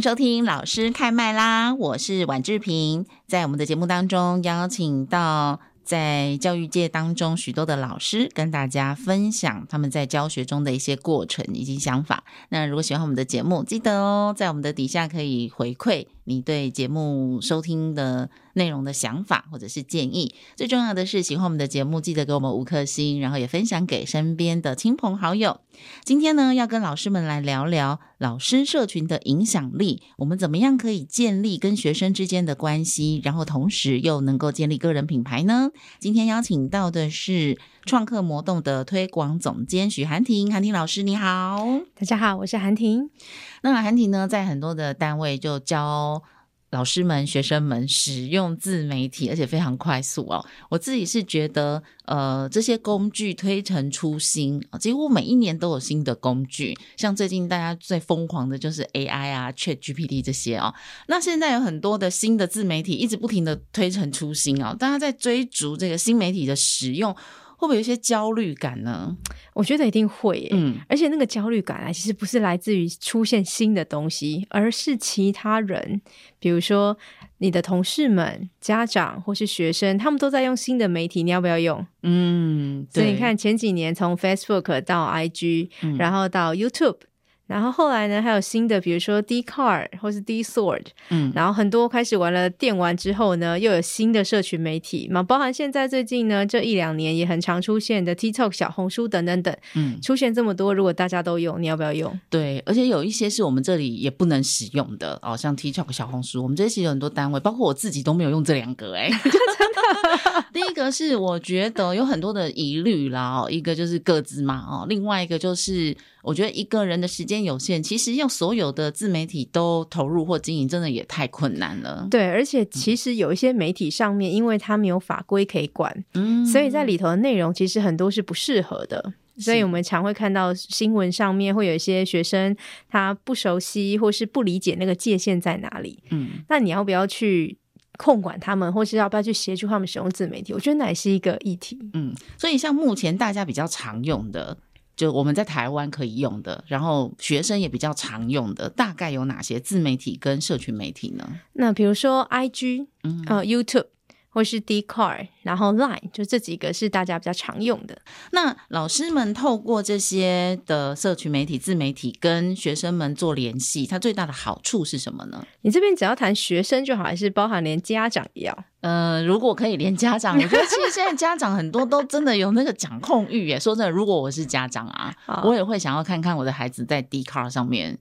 收聽老師開麥拉，我是宛志蘋，在我們的節目當中邀請到在教育界當中許多的老師，跟大家分享他們在教學中的一些過程以及想法。那如果喜歡我們的節目，記得哦，在我們的底下可以回饋你對節目收聽的內容的想法或者是建議。最重要的是，喜歡我們的節目，記得給我們五顆星，然後也分享給身邊的親朋好友。今天呢，要跟老師們來聊聊老師社群的影響力，我們怎麼樣可以建立跟學生之間的關係，然後同時又能夠建立個人品牌呢？今天邀請到的是。創客魔豆的推廣總監許涵婷，涵婷老師你好。大家好，我是涵婷。那涵婷呢，在很多的單位就教老師們、學生們使用自媒體，而且非常快速哦。我自己是覺得，呃，這些工具推陳出新，幾乎每一年都有新的工具。像最近大家最瘋狂的就是 AI 啊、ChatGPT 這些哦。那現在有很多的新的自媒體一直不停的推陳出新哦，大家在追逐這個新媒體的使用，會不會有一些焦慮感呢？我覺得一定會欸。嗯，而且那個焦慮感啊，其實不是來自於出現新的東西，而是其他人，比如說你的同事們、家長或是學生，他們都在用新的媒體，你要不要用？嗯，對。所以你看前幾年從 Facebook 到 IG，嗯，然後到 YouTube。然後後來呢，還有新的，比如說 D card 或是 Discord，嗯，然後很多開始玩了電玩之後呢，又有新的社群媒體嘛，包含現在最近呢這一兩年也很常出現的 TikTok、小紅書等等等，嗯，出現這麼多，如果大家都用，你要不要用？對，而且有一些是我們這裡也不能使用的哦，像 TikTok、小紅書，我們這些其實有很多單位，包括我自己都沒有用這兩個、欸，哎。 第一個是我覺得有很多的疑慮啦、喔，一個就是個資嘛哦、喔，另外一個就是我覺得一個人的時間有限，其實用所有的自媒體都投入或經營，真的也太困難了。對，而且其實有一些媒體上面，因為他沒有法規可以管，嗯，所以在裡頭的內容其實很多是不適合的、嗯，所以我們常會看到新聞上面會有一些學生他不熟悉或是不理解那個界限在哪裡。嗯，那你要不要去？控管他們，或是要不要去協助他們使用自媒體，我覺得那也是一個議題。嗯，所以像目前大家比較常用的，就我們在台灣可以用的，然後學生也比較常用的，大概有哪些自媒體跟社群媒體呢？那比如說 IG，嗯，啊、呃，YouTube。或是 Dcard，然後 Line，就這幾個是大家比較常用的。那老師們透過這些的社群媒體、自媒體跟學生們做聯繫，它最大的好處是什麼呢？你這邊只要談學生就好，還是包含連家長一樣？呃，如果可以連家長，我覺得其實現在家長很多都真的有那個掌控慾耶。 說真的，如果我是家長啊，我也會想要看看我的孩子在 Dcard 上面。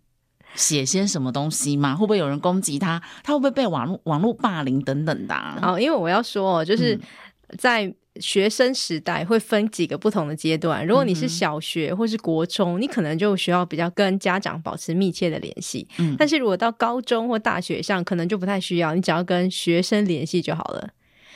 寫些什麼東西嗎？會不會有人攻擊他？他會不會被網絡網絡霸凌等等的。好、啊 oh, 因為我要說哦，就是在學生時代會分幾個不同的階段、嗯。如果你是小學或是國中、嗯，你可能就需要比較跟家長保持密切的聯繫、嗯。但是如果到高中或大學上，可能就不太需要，你只要跟學生聯繫就好了。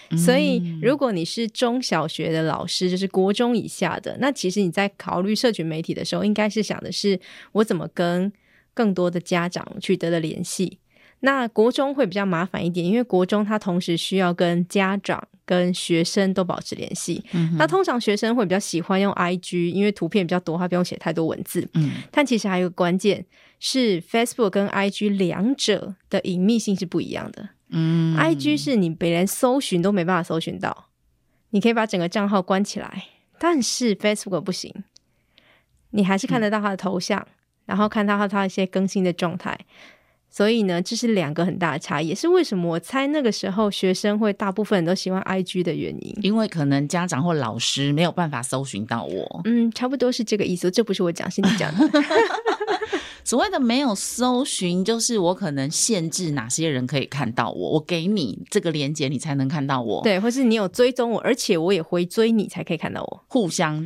嗯、所以，如果你是中小學的老師，就是國中以下的，那其實你在考慮社群媒體的時候，應該是想的是我怎麼跟。更多的家長取得了聯繫。那國中會比較麻煩一點，因為國中他同時需要跟家長、跟學生都保持聯繫。嗯。那通常學生會比較喜歡用 IG，因為圖片比較多，他不用寫太多文字。嗯。但其實還有個關鍵是 Facebook 跟 IG 兩者的隱秘性是不一樣的。嗯。IG 是你被人搜尋都沒辦法搜尋到，你可以把整個賬號關起來，但是 Facebook 不行，你還是看得到他的頭像。嗯然後看他和他一些更新的狀態，所以呢，這是兩個很大的差異。也是為什麼我猜那個時候學生會大部分人都喜歡 IG 的原因，因為可能家長或老師沒有辦法搜尋到我。嗯，差不多是這個意思。這不是我講，是你講的。 所謂的沒有搜尋，就是我可能限制哪些人可以看到我，我給你這個連結，你才能看到我。對，或是你有追蹤我，而且我也回追你，才可以看到我。互相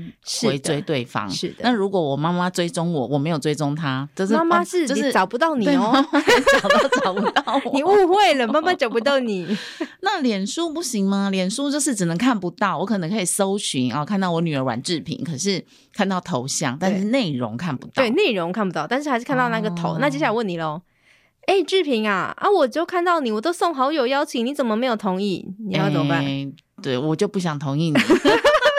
回追對方，是的。是的，那如果我媽媽追蹤我，我沒有追蹤她，就是媽媽是找不到你哦，找到找不到。 你誤會了，媽媽找不到你。 那臉書不行嗎？臉書就是只能看不到，我可能可以搜尋啊，看到我女兒宛志蘋，可是。看到頭像，但是內容看不到。對，內容看不到，但是還是看到那個頭。哦、那接下來問你嘍，哎、欸，志蘋啊，啊，我就看到你，我都送好友邀請，你怎麼沒有同意？你要怎麼辦？欸、對我就不想同意你。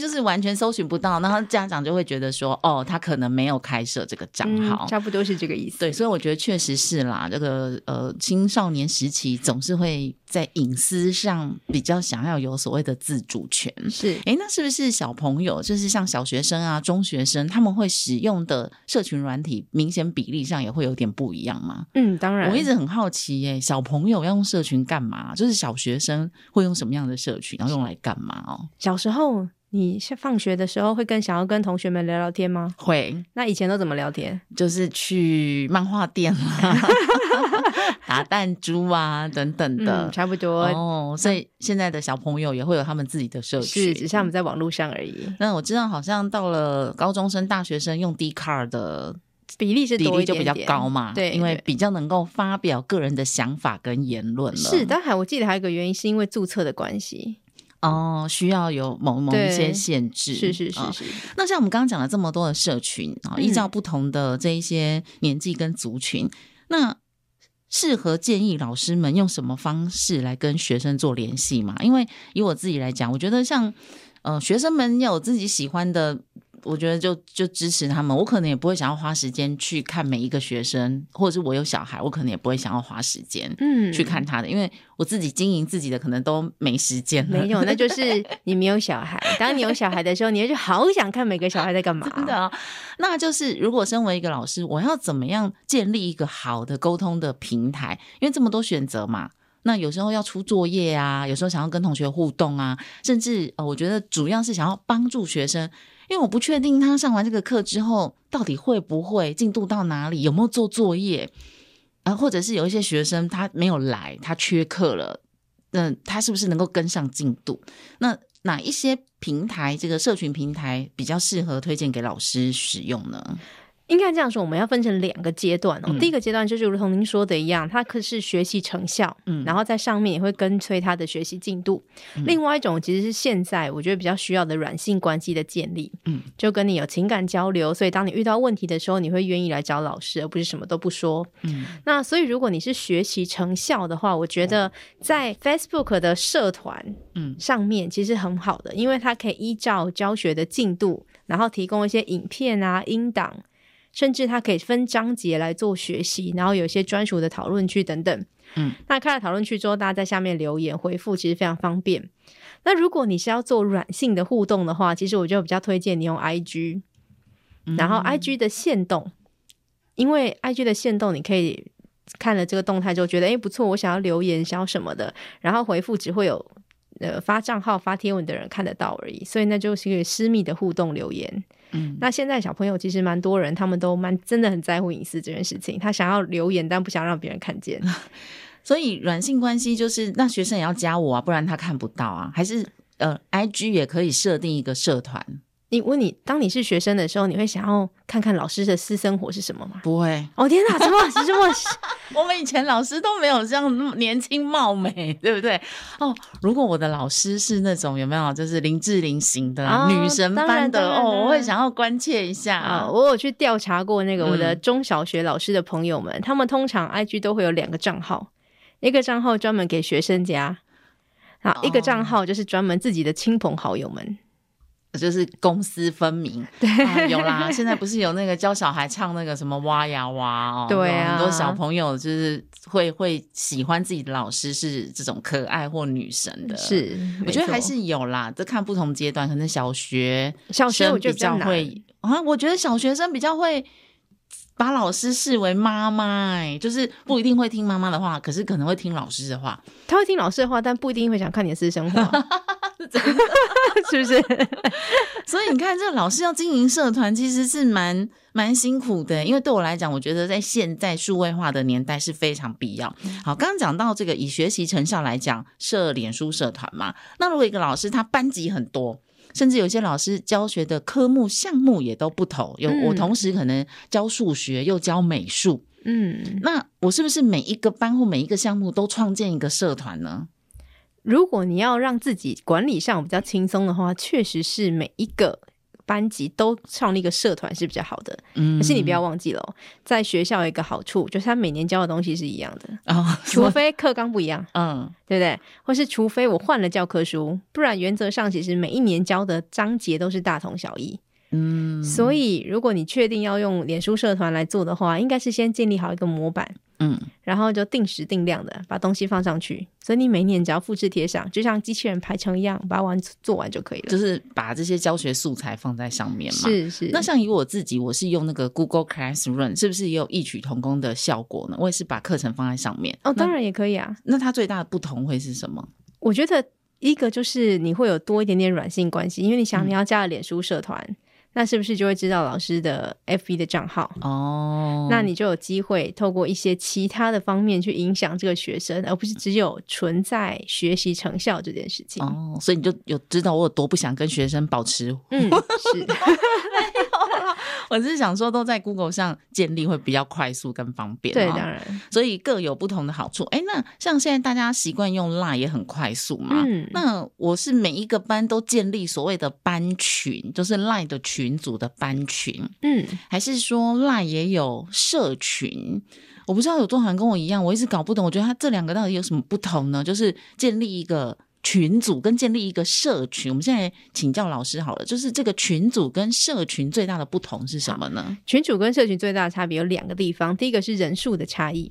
就是完全搜尋不到，然後家長就會覺得說，哦，他可能沒有開設這個賬號，嗯，差不多是這個意思。對，所以我覺得確實是啦。這個呃，青少年時期總是會在隱私上比較想要有所謂的自主權。是，哎，那是不是小朋友，就是像小學生啊、中學生，他們會使用的社群軟體，明顯比例上也會有點不一樣嗎？嗯，當然，我一直很好奇耶，欸，小朋友要用社群幹嘛？就是小學生會用什麼樣的社群，然後用來幹嘛哦？小時候。你放學的時候會跟想要跟同學們聊聊天嗎？會。那以前都怎麼聊天？就是去漫畫店啊， 打彈珠啊，等等的，嗯、差不多哦、oh。所以現在的小朋友也會有他們自己的社群，是只是他們在網絡上而已。那我知道，好像到了高中生、大學生用 Dcard 的比例是點點比例就比較高嘛，對，對，對，因為比較能夠發表個人的想法跟言論。是，當然我記得還有一個原因是因為註冊的關係。哦，需要有某某一些限制，是是是、是、哦。那像我們剛剛講了這麼多的社群，啊，依照不同的這一些年紀跟族群、嗯，那適合建議老師們用什麼方式來跟學生做聯繫嘛？因為以我自己來講，我覺得像，呃學生們有自己喜歡的。我覺得就就支持他們，我可能也不會想要花時間去看每一個學生，或者是我有小孩，我可能也不會想要花時間嗯去看他的、嗯，因為我自己經營自己的可能都沒時間了、嗯。沒有，那就是你沒有小孩。 當你有小孩的時候，你就好想看每個小孩在幹嘛。真的、哦，那就是如果身為一個老師，我要怎麼樣建立一個好的溝通的平台？因為這麼多選擇嘛，那有時候要出作業啊，有時候想要跟同學互動啊，甚至、呃、我覺得主要是想要幫助學生。因為我不確定他上完這個課之後到底會不會進度到哪裡，有沒有做作業啊？或者是有一些學生他沒有來，他缺課了，那他是不是能夠跟上進度？那哪一些平台，這個社群平台比較適合推薦給老師使用呢？應該這樣說，我們要分成兩個階段哦、喔，嗯。第一個階段就是如同您說的一樣，它可是學習成效，嗯，然後在上面也會跟隨他的學習進度，嗯。另外一種其實是現在我覺得比較需要的軟性關係的建立，嗯，就跟你有情感交流，所以當你遇到問題的時候，你會願意來找老師，而不是什麼都不說。嗯，那所以如果你是學習成效的話，我覺得在 Facebook 的社團，嗯，上面其實很好的，因為它可以依照教學的進度，然後提供一些影片啊、音檔。甚至它可以分章節來做學習，然後有些專屬的討論區等等。嗯，那開了討論區之後，大家在下面留言回覆，其實非常方便。那如果你是要做軟性的互動的話，其實我就比較推薦你用 IG，嗯嗯然後 IG 的限動，因為 IG 的限動，你可以看了這個動態之後覺得哎，不錯，我想要留言，想要什麼的，然後回覆只會有呃發賬號發貼文的人看得到而已，所以那就是一個私密的互動留言。嗯， 那現在小朋友其實蠻多人，他們都蠻真的很在乎隱私這件事情。他想要留言，但不想讓別人看見， 所以軟性關係就是，那學生也要加我啊，不然他看不到啊。還是呃，I G 也可以設定一個社團。你問你，當你是學生的時候，你會想要看看老師的私生活是什麼嗎？不會。哦天哪，怎麼是這麼？ 我們以前老師都沒有這樣年輕貌美，對不對？哦，如果我的老師是那種有沒有，就是林志玲型的、哦、女神般的哦，我會想要關切一下啊、哦。我有去調查過那個我的中小學老師的朋友們，嗯、他們通常 IG 都會有兩個賬號，一個賬號專門給學生加，啊，一個賬號就是專門自己的親朋好友們。哦嗯就是公私分明對、啊，有啦。現在不是有那個教，小孩唱那個什麼挖呀挖，哦、對、啊、很多小朋友就是會會喜歡自己的老師，是這種可愛或女神的。是，我覺得還是有啦，這看不同階段。可能小學小學，我就比較會比較，啊，我覺得小學生比較會把老師視為媽媽，哎，就是不一定會聽媽媽的話、嗯，可是可能會聽老師的話。他會聽老師的話，但不一定會想看你的私生活。 是， 是不是？ 所以你看，這老師要經營社團，其實是蠻蠻辛苦的。因為對我來講，我覺得在現在數位化的年代是非常必要。好，剛剛講到這個以學習成效來講，設臉書社團嘛，那如果一個老師他班級很多，甚至有些老師教學的科目項目也都不同，有我同時可能教數學又教美術，嗯，那我是不是每一個班或每一個項目都創建一個社團呢？如果你要讓自己管理上比較輕鬆的話，確實是每一個班級都創立一個社團是比較好的。嗯，可是你不要忘記了，在學校有一個好處就是他每年教的東西是一樣的，哦，除非課綱不一樣，嗯，對不對？或是除非我換了教科書，不然原則上其實每一年教的章節都是大同小異。嗯，所以如果你確定要用臉書社團來做的話，應該是先建立好一個模板，嗯，然後就定時定量的把東西放上去。所以你每年只要複製貼上，就像機器人排程一樣，把它做完就可以了。就是把這些教學素材放在上面嘛，是是。那像以我自己，我是用那個 Google Classroom，是不是也有異曲同工的效果呢？我也是把課程放在上面哦，當然也可以啊。那它最大的不同會是什麼？我覺得一個就是你會有多一點點軟性關係，因為你想你要加了臉書社團。嗯那是不是就會知道老師的 FB 的賬號哦、oh,，那你就有機會透過一些其他的方面去影響這個學生，而不是只有存在學習成效這件事情。哦、oh,，所以你就有知道我有多不想跟學生保持。嗯，是的。 我是想說，都在 Google 上建立會比較快速跟方便，對，當然，所以各有不同的好處。哎，那像現在大家習慣用 Line 也很快速嘛。嗯，那我是每一個班都建立所謂的班群，就是 Line 的群組的班群。嗯，還是說 Line 也有社群？我不知道有多少人跟我一樣，我一直搞不懂，我覺得他這兩個到底有什麼不同呢？就是建立一個。群組跟建立一個社群，我們現在請教老師好了，就是這個群組跟社群最大的不同是什麼呢？群組跟社群最大的差別有兩個地方，第一個是人數的差異，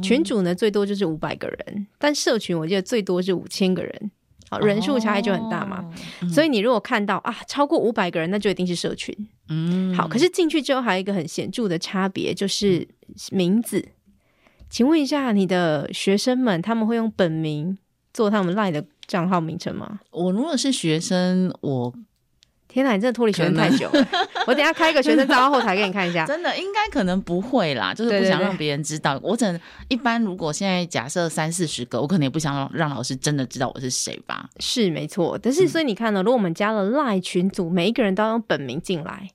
群組呢最多就是五百個人，嗯，但社群我記得最多是五千個人，好，人數差異就很大嘛，哦嗯。所以你如果看到啊超過五百個人，那就一定是社群。嗯，好，可是進去之後還有一個很顯著的差別就是名字，請問一下你的學生們他們會用本名做他們 Line 的？賬號名稱嗎？我如果是學生，我天吶，你真的脫離學生太久。 我等一下開一個學生賬號後台給你看一下。真的，應該可能不會啦，就是不想讓別人知道。對對對，我只能一般，如果現在假設三四十個，我可能也不想讓老師真的知道我是誰吧。是沒錯，但是所以你看呢？嗯、如果我們加了 LINE 群組，每一個人都要用本名進來，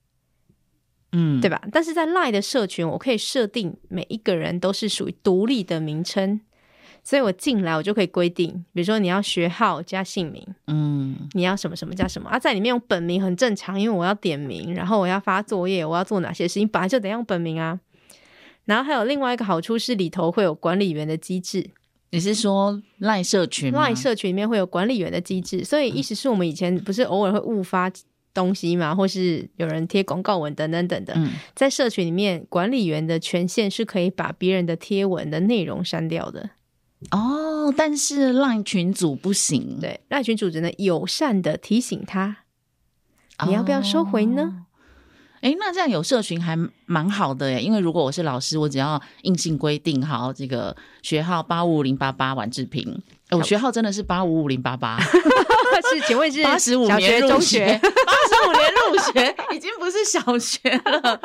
嗯，對吧？但是在 LINE 的社群，我可以設定每一個人都是屬於獨立的名稱。所以我進來，我就可以規定，比如說你要學號加姓名，嗯，你要什麼什麼加什麼啊，在裡面用本名很正常，因為我要點名，然後我要發作業，我要做哪些事情，本來就得用本名啊。然後還有另外一個好處是，裡頭會有管理員的機制。你是說 Line 社群？Line 社群裡面會有管理員的機制，所以意思是我們以前不是偶爾會誤發東西嘛，嗯，或是有人貼廣告文等等等等的，嗯。在社群裡面，管理員的權限是可以把別人的貼文的內容刪掉的。哦，但是賴群組不行。對，賴群組只能友善的提醒他，哦、你要不要收回呢？哎、欸，那這樣有社群還蠻好的耶。因為如果我是老師，我只要硬性規定好好、欸，好，這個學號八五五零八八，宛志蘋。我學號真的是八五五零八八，是請問是小學中學八十五年入學， 入學已經不是小學了。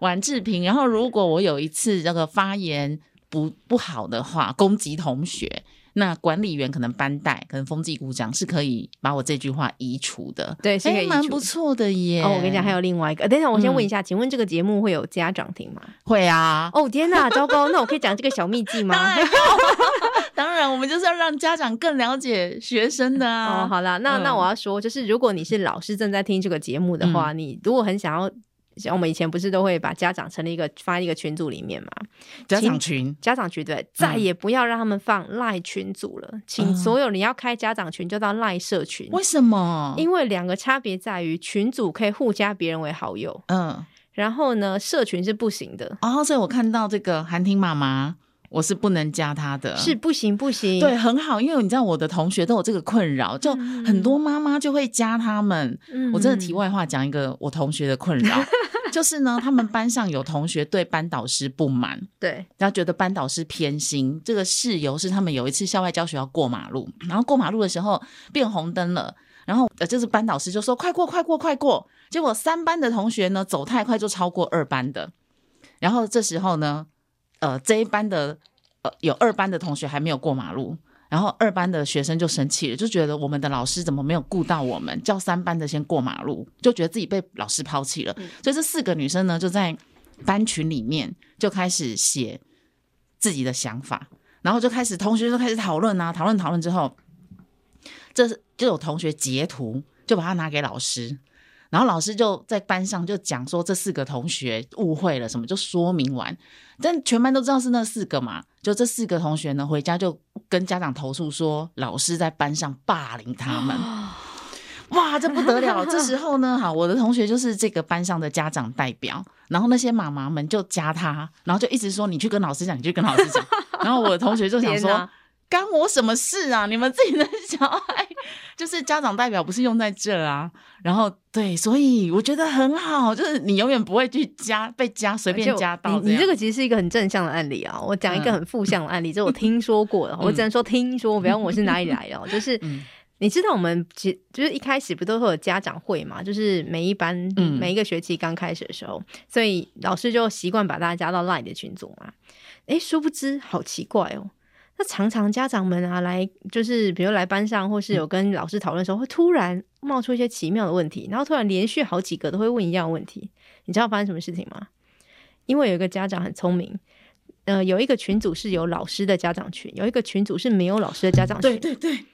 宛志蘋，然後如果我有一次這個發言。不不好的話攻擊同學，那管理員可能班代，可能風紀股長是可以把我這句話移除的。對，其實蠻不錯的耶。哦，我跟你講，還有另外一個，等一下我先問一下，嗯、請問這個節目會有家長聽嗎？會啊。哦天哪，糟糕！那我可以講這個小秘籍嗎？ 當然， 當然我們就是要讓家長更了解學生的啊。哦、好啦，那那我要說、嗯，就是如果你是老師正在聽這個節目的話、嗯，你如果很想要。像我們以前不是都會把家長成立一個發一個群組裡面嘛？家長群，家長群對，嗯、再也不要讓他們放 Line 群組了、嗯，請所有你要開家長群就到 Line 社群。為什麼？因為兩個差別在於群組可以互加別人為好友，嗯，然後呢，社群是不行的。哦，所以我看到這個涵婷媽媽。我是不能加他的，是不行不行。對，很好，因為你知道我的同學都有這個困擾、嗯，就很多媽媽就會加他們。嗯、我真的題外話講一個我同學的困擾、嗯，就是呢，他們班上有同學對班導師不滿， 對，然後覺得班導師偏心。這個事由是他們有一次校外教學要過馬路，然後過馬路的時候變紅燈了，然後呃，就是班導師就說快過快過快過，結果三班的同學呢走太快就超過二班的，然後這時候呢。呃，這一班的，呃，有二班的同學還沒有過馬路，然後二班的學生就生氣了，就覺得我們的老師怎麼沒有顧到我們，叫三班的先過馬路，就覺得自己被老師拋棄了。嗯。所以這四個女生呢，就在班群裡面就開始寫自己的想法，然後就開始同學就開始討論啊，討論討論之後，這就有同學截圖，就把它拿給老師。然後老師就在班上就講說這四個同學誤會了什麼，就說明完，但全班都知道是那四個嘛，就這四個同學呢，回家就跟家長投訴說老師在班上霸凌他們，哇，這不得了！這時候呢，哈，我的同學就是這個班上的家長代表，然後那些媽媽們就加他，然後就一直說你去跟老師講，你去跟老師講，然後我的同學就想說。干我什麼事啊？你們自己的小孩就是家長代表，不是用在這啊？然後對，所以我覺得很好，就是你永遠不會去加被加，隨便加到這你。你這個其實是一個很正向的案例啊！我講一個很負向的案例，這、嗯、是我聽說過的、嗯，我只能說聽說，不要問我是哪裡來的。嗯、就是、嗯、你知道，我們其就是一開始不都會有家長會嘛？就是每一班、嗯、每一個學期剛開始的時候，所以老師就習慣把大家加到 Line 的群組嘛。哎、欸，殊不知，好奇怪哦、喔。那常常家長們啊來，就是比如來班上或是有跟老師討論的時候、嗯，會突然冒出一些奇妙的問題，然後突然連續好幾個都會問一樣問題。你知道發生什麼事情嗎？因為有一個家長很聰明，呃，有一個群組是有老師的家長群，有一個群組是沒有老師的家長群。對對對。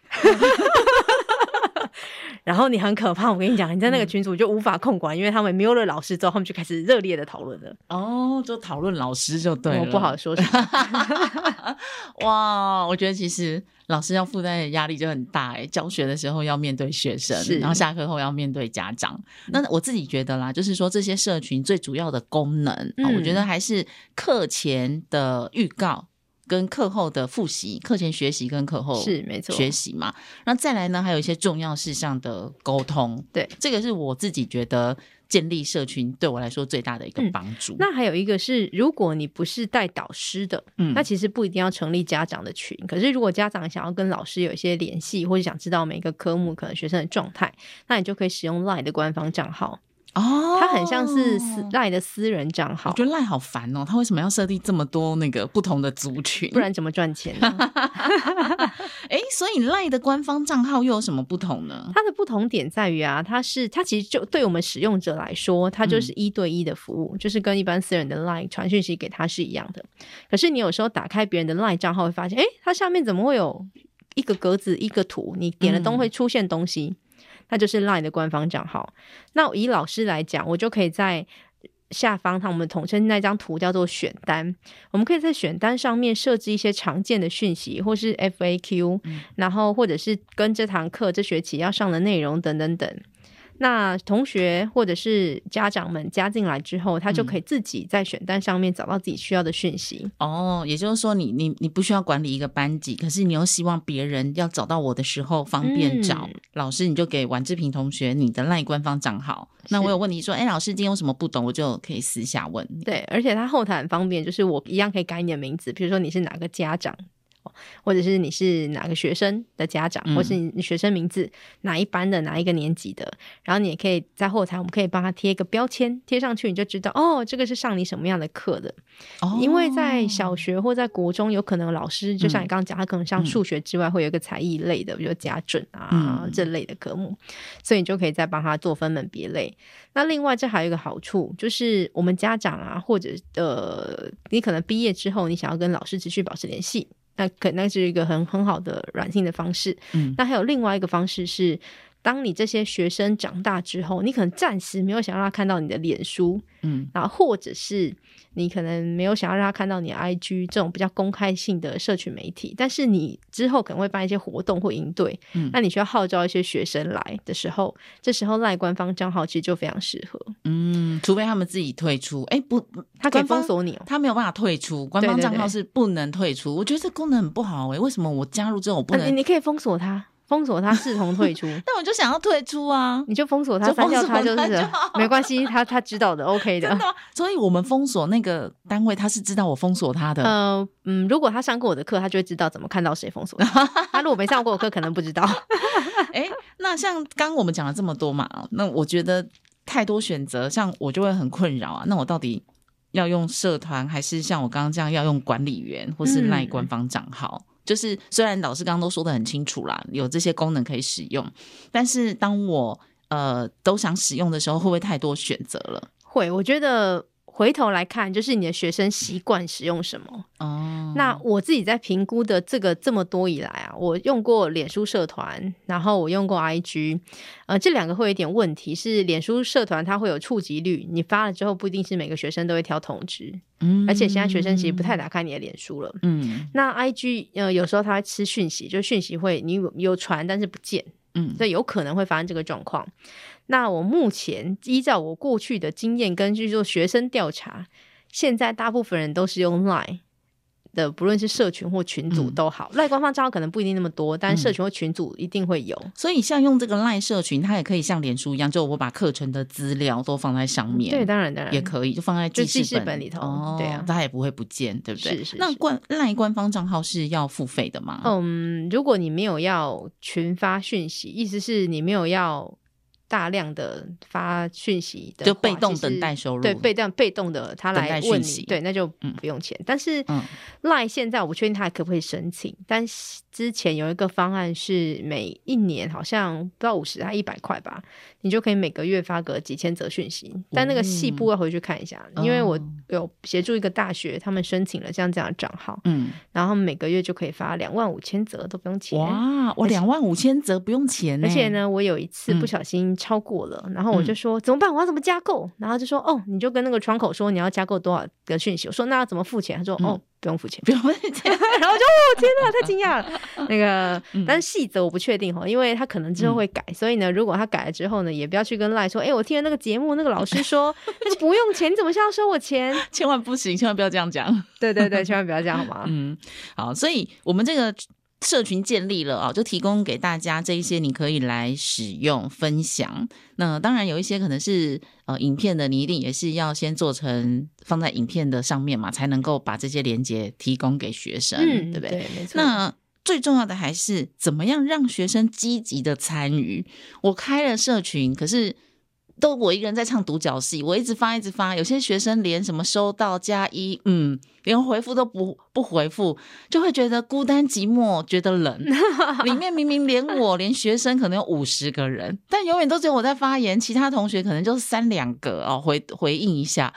然後你很可怕，我跟你講，你在那個群組就無法控管，嗯，因為他們沒有了老師之後，他們就開始熱烈的討論了。哦，就討論老師就對了我，哦、不好說什麼。 哇，我覺得其實老師要負擔的壓力就很大，欸、教學的時候要面對學生，然後下課後要面對家長，嗯。那我自己覺得啦，就是說這些社群最主要的功能，嗯哦、我覺得還是課前的預告。跟課後的復習、課前學習跟課後學習是沒錯學習嘛，那再來呢，還有一些重要事項的溝通。對，這個是我自己覺得建立社群對我來說最大的一個幫助。嗯。那還有一個是，如果你不是帶導師的，嗯，那其實不一定要成立家長的群。可是，如果家長想要跟老師有一些聯繫，或者想知道每個科目可能學生的狀態，那你就可以使用 Line 的官方賬號。哦，它很像是賴的私人賬號。我覺得賴好煩哦，他為什麼要設立這麼多那個不同的族群？不然怎麼賺錢呢？哎、 欸，所以賴的官方賬號又有什麼不同呢？它的不同點在於啊，它是它其實就對我們使用者來說，它就是一對一的服務，嗯、就是跟一般私人的賴傳訊息給他是一樣的。可是你有時候打開別人的賴賬號，會發現，哎、欸，它下面怎麼會有一個格子，一個圖，你點了都會出現東西。嗯那就是 Line 的官方賬號。那以老師來講，我就可以在下方，他我們統稱那張圖叫做選單。我們可以在選單上面設置一些常見的訊息，或是 FAQ，嗯，然後或者是跟這堂課、這學期要上的內容等等等。那同學或者是家長們加進來之後，他就可以自己在選單上面找到自己需要的訊息、嗯。哦，也就是說你，你你你不需要管理一個班級，可是你又希望別人要找到我的時候方便找，嗯，老師，你就給宛志蘋同學你的賴官方帳號。那我有問題說，哎、欸，老師今天有什麼不懂，我就可以私下問。對，而且他後台很方便，就是我一樣可以改你的名字，比如說你是哪個家長。或者是你是哪個學生的家長，或是你學生名字、嗯、哪一班的哪一個年級的，然後你也可以在後台，我們可以幫他貼一個標籤貼上去，你就知道哦，這個是上你什麼樣的課的。哦、因為在小學或在國中，有可能老師就像你剛剛講、嗯，他可能上數學之外，會有一個才藝類的，嗯、比如說家准啊、嗯、這類的科目，所以你就可以再幫他做分門別類。那另外，這還有一個好處，就是我們家長啊，或者呃，你可能畢業之後，你想要跟老師持續保持聯繫。那可那是一個很很好的軟性的方式。嗯，那還有另外一個方式是。當你這些學生長大之後，你可能暫時沒有想讓他看到你的臉書，嗯，然後或者是你可能沒有想要讓他看到你的 IG 這種比較公開性的社群媒體，但是你之後可能會辦一些活動或應對，嗯、那你需要號召一些學生來的時候，這時候 LINE 官方賬號其實就非常適合，嗯，除非他們自己退出，哎、欸，不，他可以封鎖你、喔，他沒有辦法退出，官方賬號是不能退出，對對對，我覺得這功能很不好哎、欸，為什麼我加入這種我不能、啊你？你可以封鎖他。封鎖他，視同退出。 但我就想要退出啊！你就封鎖他，刪掉他就是。沒關係， 他他知道的，OK 的，真的。所以我們封鎖那個單位，他是知道我封鎖他的。呃嗯，如果他上過我的課，他就會知道怎麼看到誰封鎖他。 他如果沒上過我的課，可能不知道。哎 欸，那像剛，剛我們講了這麼多嘛，那我覺得太多選擇，像我就會很困擾啊。那我到底要用社團，還是像我剛剛這樣要用管理員，或是賴官方賬號？嗯就是雖然老師剛剛都說得很清楚啦，有這些功能可以使用，但是當我呃都想使用的時候，會不會太多選擇了？會，我覺得。回頭來看，就是你的學生習慣使用什麼？哦，那我自己在評估的這個這麼多以來啊，我用過臉書社團，然後我用過 IG，呃，這兩個會有點問題。是臉書社團它會有觸及率，你發了之後不一定是每個學生都會挑通知，嗯，而且現在學生其實不太打開你的臉書了，嗯。那 IG 呃，有時候它吃訊息，就是訊息會你有，有傳但是不見，嗯，所以有可能會發生這個狀況。那我目前依照我過去的經驗，根據做學生調查，現在大部分人都是用 LINE 的，不論是社群或群組都好，LINE、嗯、官方賬號可能不一定那麼多，但社群或群組一定會有。嗯、所以像用這個 LINE 社群，它也可以像臉書一樣，就我把課程的資料都放在上面。嗯、對，當然當然也可以，就放在記事本，記事本裡頭。哦、oh，對啊，它也不會不見，對不對？是是，是。那官 LINE 官方賬號是要付費的嗎？嗯、um，如果你沒有要群發訊息，意思是你沒有要。大量的發訊息的話，就被動等待收入，對，被動被動的他來問你。對，那就不用錢。嗯、但是賴、嗯、現在我不確定他還可不可以申請，但是。之前有一個方案是每一年好像不到五十還一百塊吧，你就可以每個月發個幾千則訊息。但那個細部要回去看一下，因為我有協助一個大學，他們申請了像這樣的賬號，嗯，然後每個月就可以發兩萬五千則都不用錢。哇，我兩萬五千則不用錢，而且呢，我有一次不小心超過了，然後我就說怎麼辦？我要怎麼加購？然後就說哦、喔，你就跟那個窗口說你要加購多少個訊息。我說那要怎麼付錢？他說哦。喔不用付錢，不用付錢，然後我就哦，天哪，啊，太驚訝了。 那個，但是細則我不確定哈，因為他可能之後會改，嗯，所以呢，如果他改了之後呢，也不要去跟賴說，哎，欸，我聽了那個節目，那個老師說不用錢， 你怎麼想要收我錢？ 千萬不行，千萬不要這樣講。 對對對，千萬不要這樣，好嗎？ 嗯，好，所以我們這個。社群建立了啊，就提供給大家這一些，你可以來使用分享。那當然有一些可能是呃影片的，你一定也是要先做成放在影片的上面嘛，才能夠把這些連結提供給學生，嗯，對不對？對，那最重要的還是怎麼樣讓學生積極的參與。我開了社群，可是。都我一個人在唱獨角戲，我一直發一直發，有些學生連什麼收到加一，嗯，連回復都不不回復，就會覺得孤單寂寞，覺得冷。裡面明明連我 連學生可能有五十個人，但永遠都只有我在發言，其他同學可能就三兩個哦回回應一下。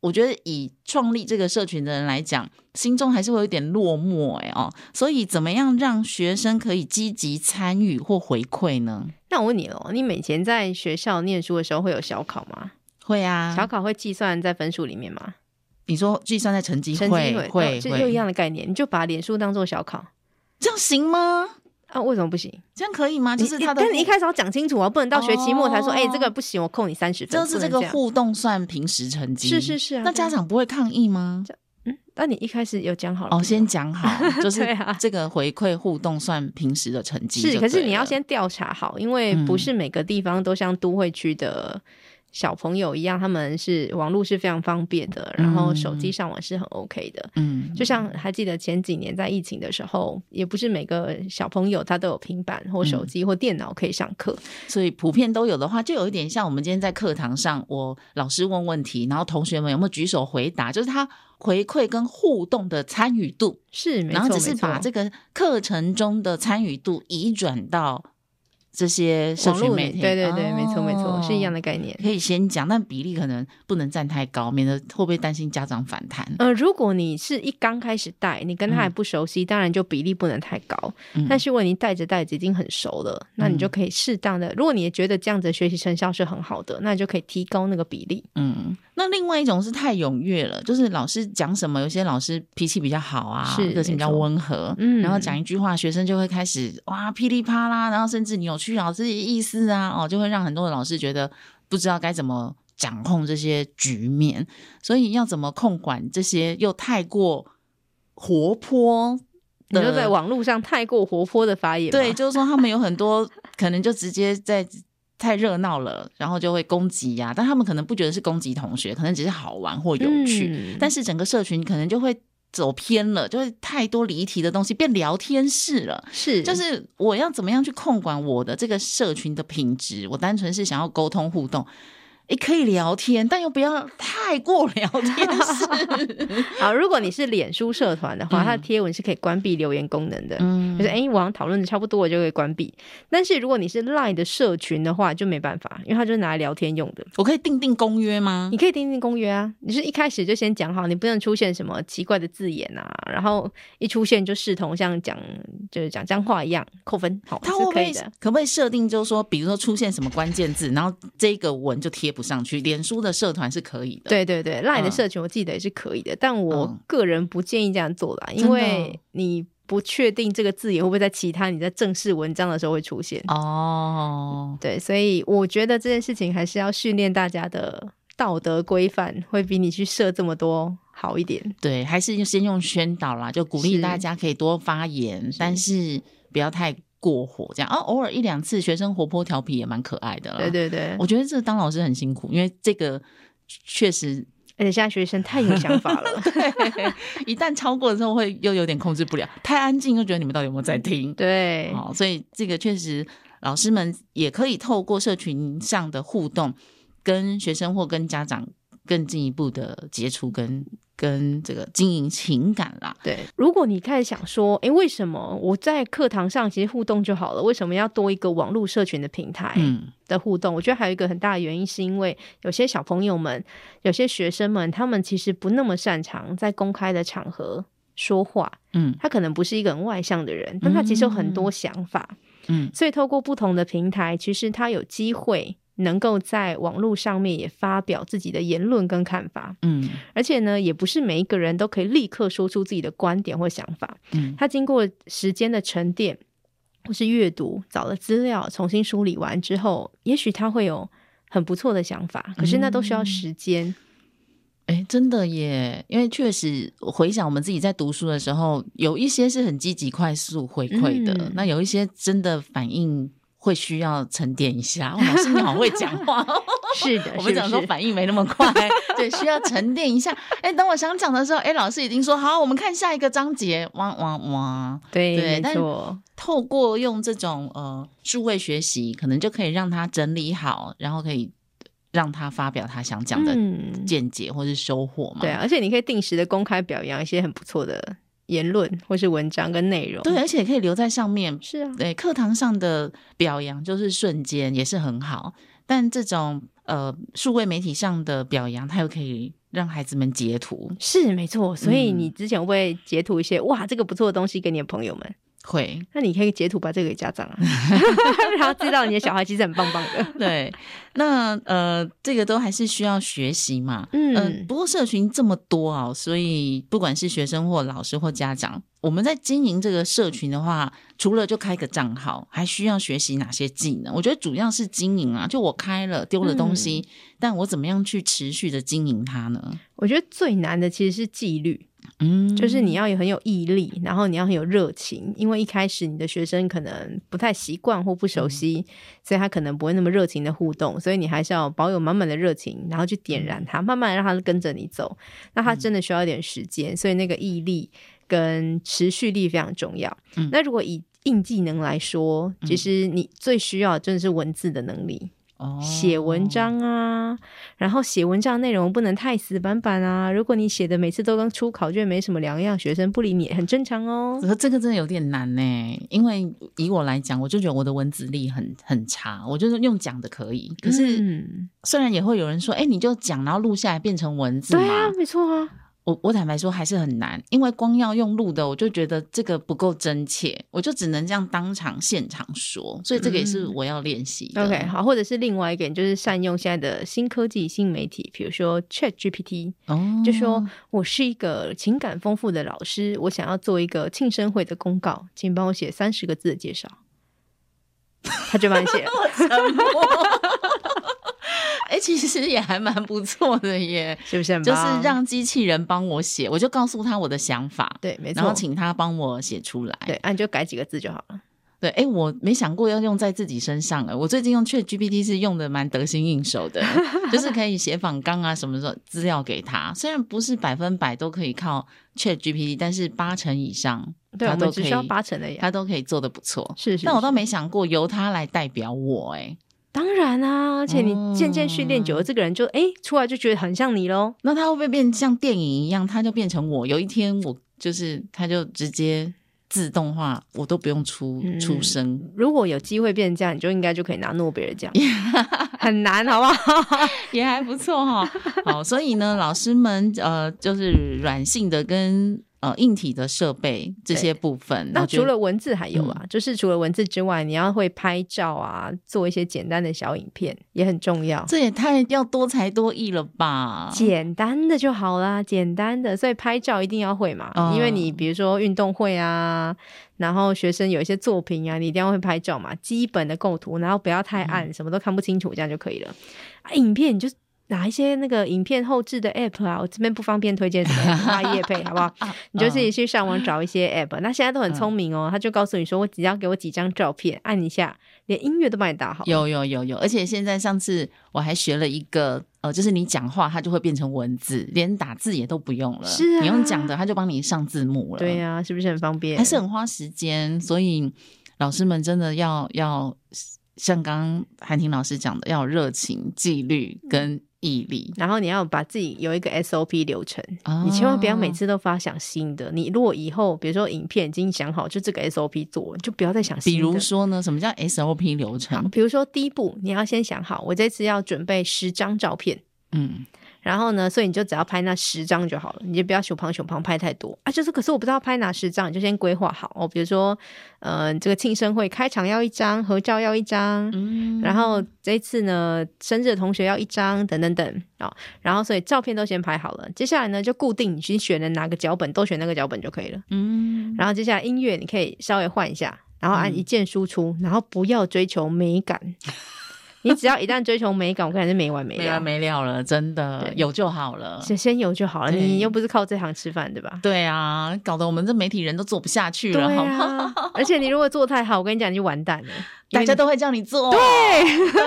我覺得以創立這個社群的人來講，心中還是會有點落寞，哎哦，所以怎麼樣讓學生可以積極參與或回饋呢？那我問你嘍，你每天在學校念書的時候會有小考嗎？會啊，小考會計算在分數裡面嗎？你說計算在成績，成績會，會，會就一樣的概念，你就把臉書當做小考，這樣行嗎？啊，為什麼不行？這樣可以嗎？就是的，他但你一開始要講清楚啊，不能到學期末才說，哎、哦欸，這個不行，我扣你三十分。就是這個互動算平時成績，是是是啊，那家長不會抗議嗎？但你一開始有講好了哦，先講好、 啊，就是這個回饋互動算平時的成績。 是，可是你要先調查好，因為不是每個地方都像都會區的。嗯小朋友一樣，他們是網絡是非常方便的，嗯，然後手機上網是很 OK 的。嗯，就像還記得前幾年在疫情的時候，嗯，也不是每個小朋友他都有平板或手機或電腦可以上課，所以普遍都有的話，就有一點像我們今天在課堂上，我老師問問題，然後同學們有沒有舉手回答，就是他回饋跟互動的參與度，是，沒錯，然後只是把這個課程中的參與度移轉到。這些社群媒體，對對對，哦、沒錯沒錯，是一樣的概念。可以先講，但比例可能不能佔太高，免得會不會擔心家長反彈？呃，如果你是一剛開始帶，你跟他還不熟悉、嗯，當然就比例不能太高。但是如果你帶着帶着已經很熟了、嗯，那你就可以適當的。如果你覺得這樣子的學習成效是很好的，那你就可以提高那個比例。嗯。那另外一種是太踴躍了，就是老師講什麼，有些老師脾氣比較好啊，是個性比較溫和，嗯，然後講一句話，學生就會開始、嗯、哇噼裡啪啦，然後甚至扭曲老師的意思啊，哦，就會讓很多的老師覺得不知道該怎麼掌控這些局面，所以要怎麼控管這些又太過活潑的，你就在網絡上太過活潑的發言，對，就是說他們有很多可能就直接在。 太熱鬧了，然後就會攻擊呀、啊。但他們可能不覺得是攻擊同學，可能只是好玩或有趣、嗯。但是整個社群可能就會走偏了，就會太多離題的東西，變聊天室了。是，就是我要怎麼樣去控管我的這個社群的品質？我單純是想要溝通互動。欸，可以聊天，但又不要太過聊天。啊， 如果你是臉書社團的話、嗯，它的貼文是可以關閉留言功能的。嗯，就是哎，網上討論的差不多，我就會關閉。但是如果你是 Line 的社群的話，就沒辦法，因為它就是拿來聊天用的。我可以訂定公約嗎？你可以訂定公約啊，你是一開始就先講好，你不能出現什麼奇怪的字眼啊，然後一出現就視同像講就是講髒話一樣扣分。好，它會是可以的，可不可以設定，就是說，比如說出現什麼關鍵字， 然後這個文就貼。不上去，臉書的社團是可以的。對對對，Line、嗯、的社群我記得也是可以的，但我個人不建議這樣做啦，嗯、因為你不確定這個字也會不會在其他你在正式文章的時候會出現。哦，對，所以我覺得這件事情還是要訓練大家的道德規範，會比你去設這麼多好一點。對，還是先用宣導啦，就鼓勵大家可以多發言，是但是不要太。過火這樣啊，偶爾一兩次學生活潑調皮也蠻可愛的。對對對，我覺得這個當老師很辛苦，因為這個確實，而且現在學生太有想法了， 一旦超過的時候會又有點控制不了。太安靜又覺得你們到底有沒有在聽？對，所以這個確實老師們也可以透過社群上的互動，跟學生或跟家長更進一步的接觸跟。跟這個經營情感啦，對。如果你開始想說，哎、欸，為什麼我在課堂上其實互動就好了？為什麼要多一個網絡社群的平台？嗯，的互動、嗯？我覺得還有一個很大的原因，是因為有些小朋友們、有些學生們，他們其實不那麼擅長在公開的場合說話，嗯，他可能不是一個很外向的人，但他其實有很多想法，嗯，嗯，嗯，所以透過不同的平台，其實他有機會。能夠在網絡上面也發表自己的言論跟看法，嗯，而且呢，也不是每一個人都可以立刻說出自己的觀點或想法，嗯，他經過時間的沉澱或是閱讀，找了資料，重新梳理完之後，也許他會有很不錯的想法，可是那都需要時間。哎、嗯欸，真的耶，因為確實我回想我們自己在讀書的時候，有一些是很積極、快速回饋的、嗯，那有一些真的反應。會需要沉澱一下，哇老師，你好會講話， 是的， 我們講說反應沒那麼快， 對，需要沉澱一下。哎，等我想講的時候，哎，老師已經說好，我們看下一個章節，哇哇哇！對，但是我透過用這種呃數位學習，可能就可以讓他整理好，然後可以讓他發表他想講的見解或是收穫嘛、嗯。對啊，而且你可以定時的公開表揚一些很不錯的。言論或是文章跟內容，對，而且可以留在上面。是啊，對，課堂上的表揚就是瞬間也是很好。但這種呃，數位媒體上的表揚，它又可以讓孩子們截圖。是，沒錯。所以你之前會截圖一些，嗯，哇，這個不錯的東西給你的朋友們。會，那你可以截圖把這個給家長，啊， 然後知道你的小孩其實很棒棒的。 對，那呃，這個都還是需要學習嘛。嗯、呃，不過社群這麼多啊、哦，所以不管是學生或老師或家長，我們在經營這個社群的話，除了就開個賬號，還需要學習哪些技能？我覺得主要是經營啊。就我開了，丟了東西，嗯、但我怎麼樣去持續的經營它呢？我覺得最難的其實是紀律。嗯，就是你要有很有毅力，然後你要很有熱情，因為一開始你的學生可能不太習慣或不熟悉、嗯，所以他可能不會那麼熱情的互動，所以你還是要保有滿滿的熱情，然後去點燃他，嗯、慢慢讓他跟着你走。那他真的需要一點時間、嗯，所以那個毅力跟持續力非常重要。嗯、那如果以硬技能來說，其實你最需要的真的是文字的能力。寫文章啊、哦，然後寫文章內容不能太死板板啊。如果你寫的每次都跟出考卷，沒什麼兩樣，學生不理你也很正常哦。呃，這個真的有點難呢、欸，因為以我來講，我就覺得我的文字力很很差，我就是用講的可以。可是，嗯、雖然也會有人說，哎，欸，你就講，然後錄下來變成文字，對，嗯嗯，啊，沒錯啊。我我坦白說，還是很難，因為光要用錄的，我就覺得這個不夠真切，我就只能這樣當場現場說，所以這個也是我要練習。嗯。OK，好，或者是另外一點就是善用現在的新科技、新媒體，比如說 Chat GPT，哦，就是說我是一個情感豐富的老師，我想要做一個慶生會的公告，請幫我寫三十個字的介紹，他就幫你寫。 哎、欸，其實也還蠻不錯的耶， 是不是很？就是讓機器人幫我寫，我就告訴他我的想法，對，沒錯。然後請他幫我寫出來，對，那你就改幾個字就好了。對，哎、欸，我沒想過要用在自己身上了。我最近用 ChatGPT 是用的蠻得心應手的， 就是可以寫訪綱啊什麼的資料給他。雖然不是百分百都可以靠 ChatGPT，但是八成以上以，對，我都只需要八成的，他都可以做的不錯。是是，是。但我倒沒想過由他來代表我，哎。當然啊，而且你漸漸訓練久了，這個人就誒、哦欸、出來就覺得很像你嘍。那他會不會變像電影一樣？他就變成我。有一天我就是，他就直接自動化，我都不用出、嗯、出聲。如果有機會變成這樣，你就應該就可以拿諾貝爾獎。 很難好不好？ 也還不錯哈、哦。好，所以呢，老師們呃，就是軟性的跟。呃，硬體的設備這些部分，那除了文字還有啊、嗯，就是除了文字之外，你要會拍照啊，做一些簡單的小影片也很重要。這也太要多才多藝了吧？簡單的就好啦，簡單的，所以拍照一定要會嘛，嗯、因為你比如說運動會啊，然後學生有一些作品啊，你一定要會拍照嘛。基本的構圖，然後不要太暗，嗯、什麼都看不清楚，這樣就可以了。啊、影片你就。哪一些那個影片後製的 app 啊？我這邊不方便推薦，啊，花 業配好不好？你就自己去上網找一些 app。 那現在都很聰明哦，嗯，他就告訴你說：“我只要給我幾張照片，按一下，連音樂都幫你打好。”有有有有，而且現在上次我還學了一個，呃，就是你講話，它就會變成文字，連打字也都不用了，是、啊、你用講的，它就幫你上字幕了。對呀、啊，是不是很方便？還是很花時間，所以老師們真的要要像剛涵婷老師講的，要有熱情、紀律跟、嗯。毅力，然後你要把自己有一個 SOP 流程。啊，你千萬不要每次都發想新的。你如果以後比如說影片已經想好，就這個 SOP 做，就不要再想新的。比如說呢，什麼叫 SOP 流程？比如說第一步，你要先想好，我這次要準備十張照片，嗯。然後呢，所以你就只要拍那十張就好了，你就不要小旁小旁拍太多啊。就是，可是我不知道拍哪十張，你就先規劃好。我、哦、比如說，呃，這個慶生會開場要一張，合照要一張，嗯，然後這次呢，生日的同學要一張，等等等啊、哦。然後，所以照片都先拍好了，接下來呢，就固定你去選的哪個腳本，都選那個腳本就可以了，嗯。然後接下來音樂你可以稍微換一下，然後按一鍵輸出，嗯、然後不要追求美感。 你只要一旦追求美感，我感覺就沒完沒了，沒完、啊、沒了了，真的有就好了，先先有就好了。你又不是靠這行吃飯，對吧？對啊，搞得我們這媒體人都做不下去了，啊、好嗎？ 而且你如果做太好，我跟你講你就完蛋了。大家都會叫你做、喔，對，對，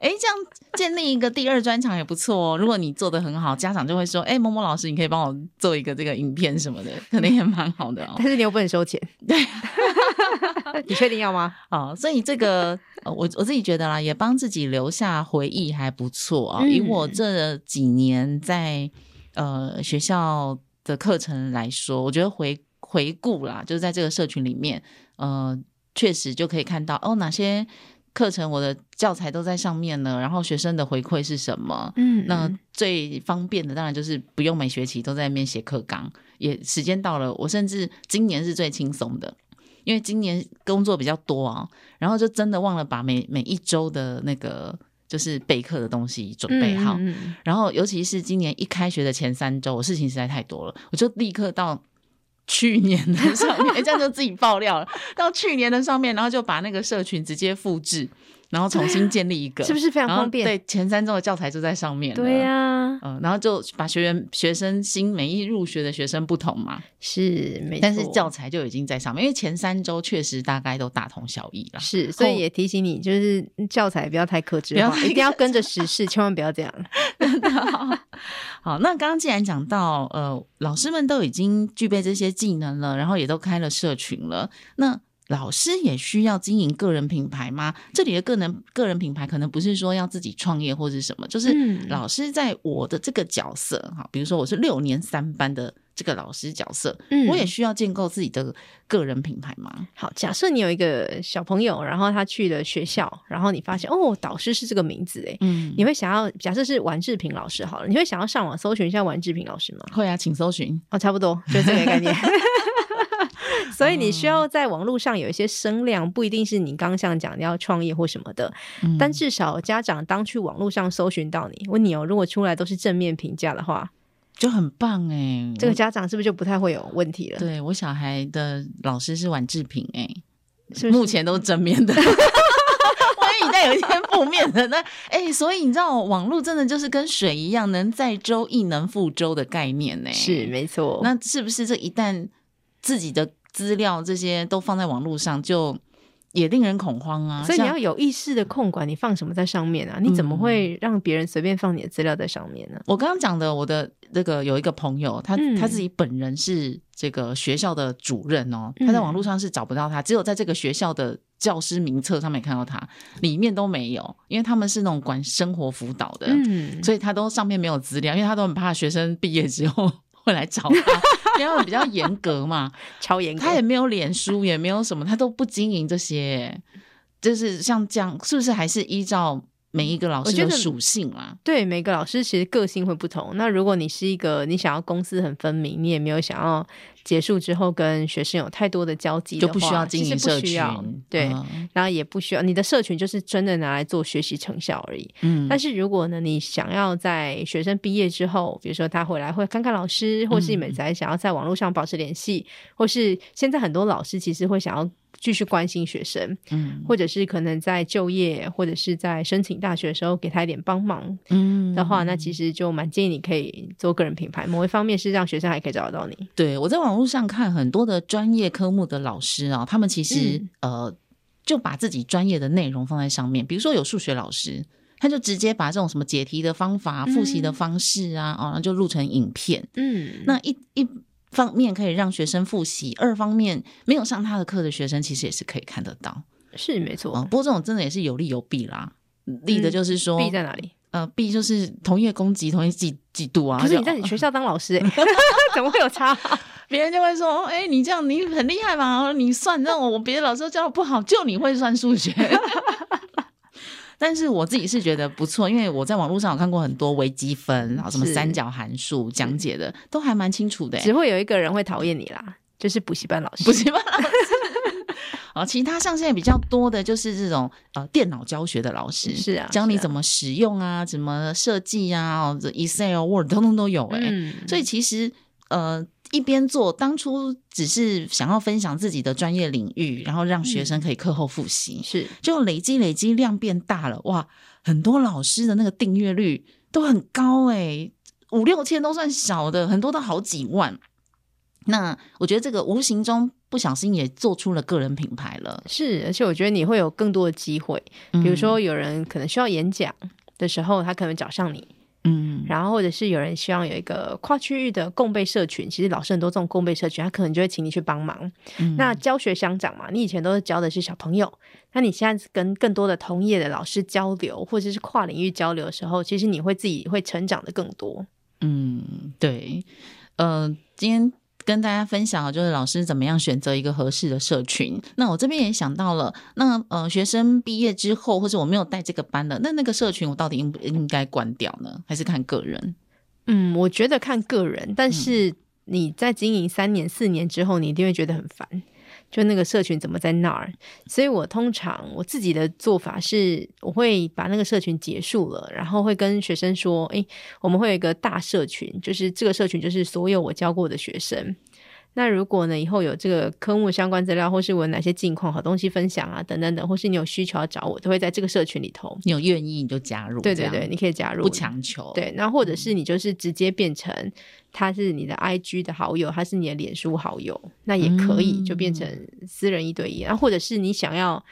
哎 、欸，這樣建立一個第二專長也不錯哦、喔。如果你做得很好，家長就會說：“哎、欸，某某老師，你可以幫我做一個這個影片什麼的，可能也蠻好的、喔。”但是你又不能收錢，對， 你確定要嗎？哦， 所以這個我我自己覺得啦，也幫自己留下回憶還不錯啊、喔嗯。以我這幾年在呃學校的課程來說，我覺得回回顧啦，就是在這個社群裡面，呃確實就可以看到哦，哪些課程，我的教材都在上面呢？然後學生的回饋是什麼？嗯，嗯，那最方便的當然就是不用每學期都在那邊寫課綱，也時間到了。我甚至今年是最輕鬆的，因為今年工作比較多啊。然後就真的忘了把每每一周的那個就是備課的東西準備好嗯嗯。然後尤其是今年一開學的前三周，我事情實在太多了，我就立刻到。去年的上面，欸，這樣就自己爆料了。 到去年的上面，然後就把那個社群直接複製。然後重新建立一個，啊、是不是非常方便？對，前三周的教材就在上面了。對呀、啊，嗯、呃，然後就把學員、學生新每一入學的學生不同嘛，是沒錯。但是教材就已經在上面，因為前三周確實大概都大同小異了。是，所以也提醒你，就是教材不要太客製，不要太客製，一定要跟着時事， 千萬不要這樣 好。好。那剛剛既然講到，呃，老師們都已經具備這些技能了，然後也都開了社群了，那。老師也需要經營個人品牌嗎？這裡的個人個人品牌可能不是說要自己創業或者什麼，就是老師在我的這個角色哈，比如說我是六年三班的這個老師角色、嗯，我也需要建構自己的個人品牌嗎？好，假設你有一個小朋友，然後他去了學校，然後你發現哦，導師是這個名字哎、嗯，你會想要假設是宛志蘋老師好了，你會想要上網搜尋一下宛志蘋老師嗎？會啊，請搜尋。哦，差不多就是這個概念。 所以你需要在網絡上有一些聲量，嗯、不一定是你剛想講你要創業或什麼的，嗯、但至少家長當去網絡上搜尋到你問你哦，如果出來都是正面評價的話，就很棒誒、欸。這個家長是不是就不太會有問題了？我對我小孩的老師是宛志蘋誒、欸，是，不是目前都是正面的，萬 一 一旦有一天負面的 那誒、欸，所以你知道網絡真的就是跟水一樣，能載舟亦能覆舟的概念呢、欸。是沒錯。那是不是這一旦自己的。資料這些都放在網絡上，就也令人恐慌啊！所以你要有意識的控管，你放什麼在上面啊？你怎麼會讓別人隨便放你的資料在上面呢？我剛剛講的，我的那個有一個朋友，他他自己本人是這個學校的主任哦、喔，他在網絡上是找不到他，只有在這個學校的教師名冊上面看到他，裡面都沒有，因為他們是那種管生活輔導的，所以他都上面沒有資料，因為他都很怕學生畢業之後。會 來找他，因為比較嚴格嘛， 超嚴格。他也沒有臉書，也沒有什麼，他都不經營這些，就是像這樣，是不是還是依照？每一個老師的屬性啦、啊，對，每個老師其實個性會不同。那如果你是一個，你想要公私很分明，你也沒有想要結束之後跟學生有太多的交集的，就不需要經營社群，不需要對、嗯，然後也不需要你的社群就是真的拿來做學習成效而已。嗯，但是如果呢，你想要在學生畢業之後，比如說他回來會看看老師，或是你每次還想要在網絡上保持聯繫、嗯，或是現在很多老師其實會想要。繼續關心學生，嗯，或者是可能在就業或者是在申請大學的時候給他一點幫忙，嗯，的、嗯、話，那其實就蠻建議你可以做個人品牌，某一方面是讓學生還可以找得到你。對，我在網絡上看很多的專業科目的老師啊，他們其實、嗯、呃就把自己專業的內容放在上面，比如說有數學老師，他就直接把這種什麼解題的方法、嗯、複習的方式啊，哦，然後就錄成影片，嗯，那一一。方面可以讓學生複習，二方面沒有上他的課的學生其實也是可以看得到，是沒錯、嗯。不過這種真的也是有利有弊啦，利的就是說，弊、嗯、在哪裡？呃，弊就是同業攻擊，同業嫉嫉妒啊。可是你在你學校當老師、欸，哎， 怎麼會有差、啊？別人就會說，哎、欸，你這樣你很厲害嘛，你算讓我我別的老師都教的不好，就你會算數學。 但是我自己是覺得不錯，因為我在網絡上有看過很多微積分，然後什麼三角函數講解的都還蠻清楚的。只會有一個人會討厭你啦，就是補習班老師。補習班老師，啊，其他上線比較多的就是這種呃電腦教學的老師，是啊，教你怎麼使用啊，啊怎麼設計啊，這、哦、Excel、Word 通通都有誒，嗯，所以其實呃。一邊做，當初只是想要分享自己的專業領域，然後讓學生可以課後複習，嗯，是，就累積累積量變大了，哇，很多老師的那個訂閱率都很高哎、欸，五六千都算小的，很多都好幾萬。那我覺得這個無形中不小心也做出了個人品牌了，是，而且我覺得你會有更多的機會，比如說有人可能需要演講的時候，嗯，他可能找上你。嗯，然後或者是有人希望有一個跨區域的共備社群，其實老師很多這種共備社群，他可能就會請你去幫忙。嗯，那教學相長嘛，你以前都是教的是小朋友，那你現在跟更多的同業的老師交流，或者是跨領域交流的時候，其實你會自己會成長的更多。嗯，對，呃，今天。跟大家分享，就是老師怎麼樣選擇一個合適的社群。那我這邊也想到了，那呃，學生畢業之後，或者我沒有帶這個班的，那那個社群我到底應不應該關掉呢？還是看個人？嗯，我覺得看個人，但是你在經營三年、四年之後，嗯，你一定會覺得很煩。就那個社群怎麼在那兒？所以我通常我自己的做法是，我會把那個社群結束了，然後會跟學生說：“誒、欸，我們會有一個大社群，就是這個社群就是所有我教過的學生。那如果呢，以後有這個科目相關資料，或是我有哪些近況好東西分享啊，等等等，或是你有需求要找我，都會在這個社群裡頭。你有願意你就加入，對對對，你可以加入，不強求。對，那或者是你就是直接變成。”他是你的 IG 的好友，他是你的臉書好友，那也可以就變成私人一對一。然、嗯啊、或者是你想要，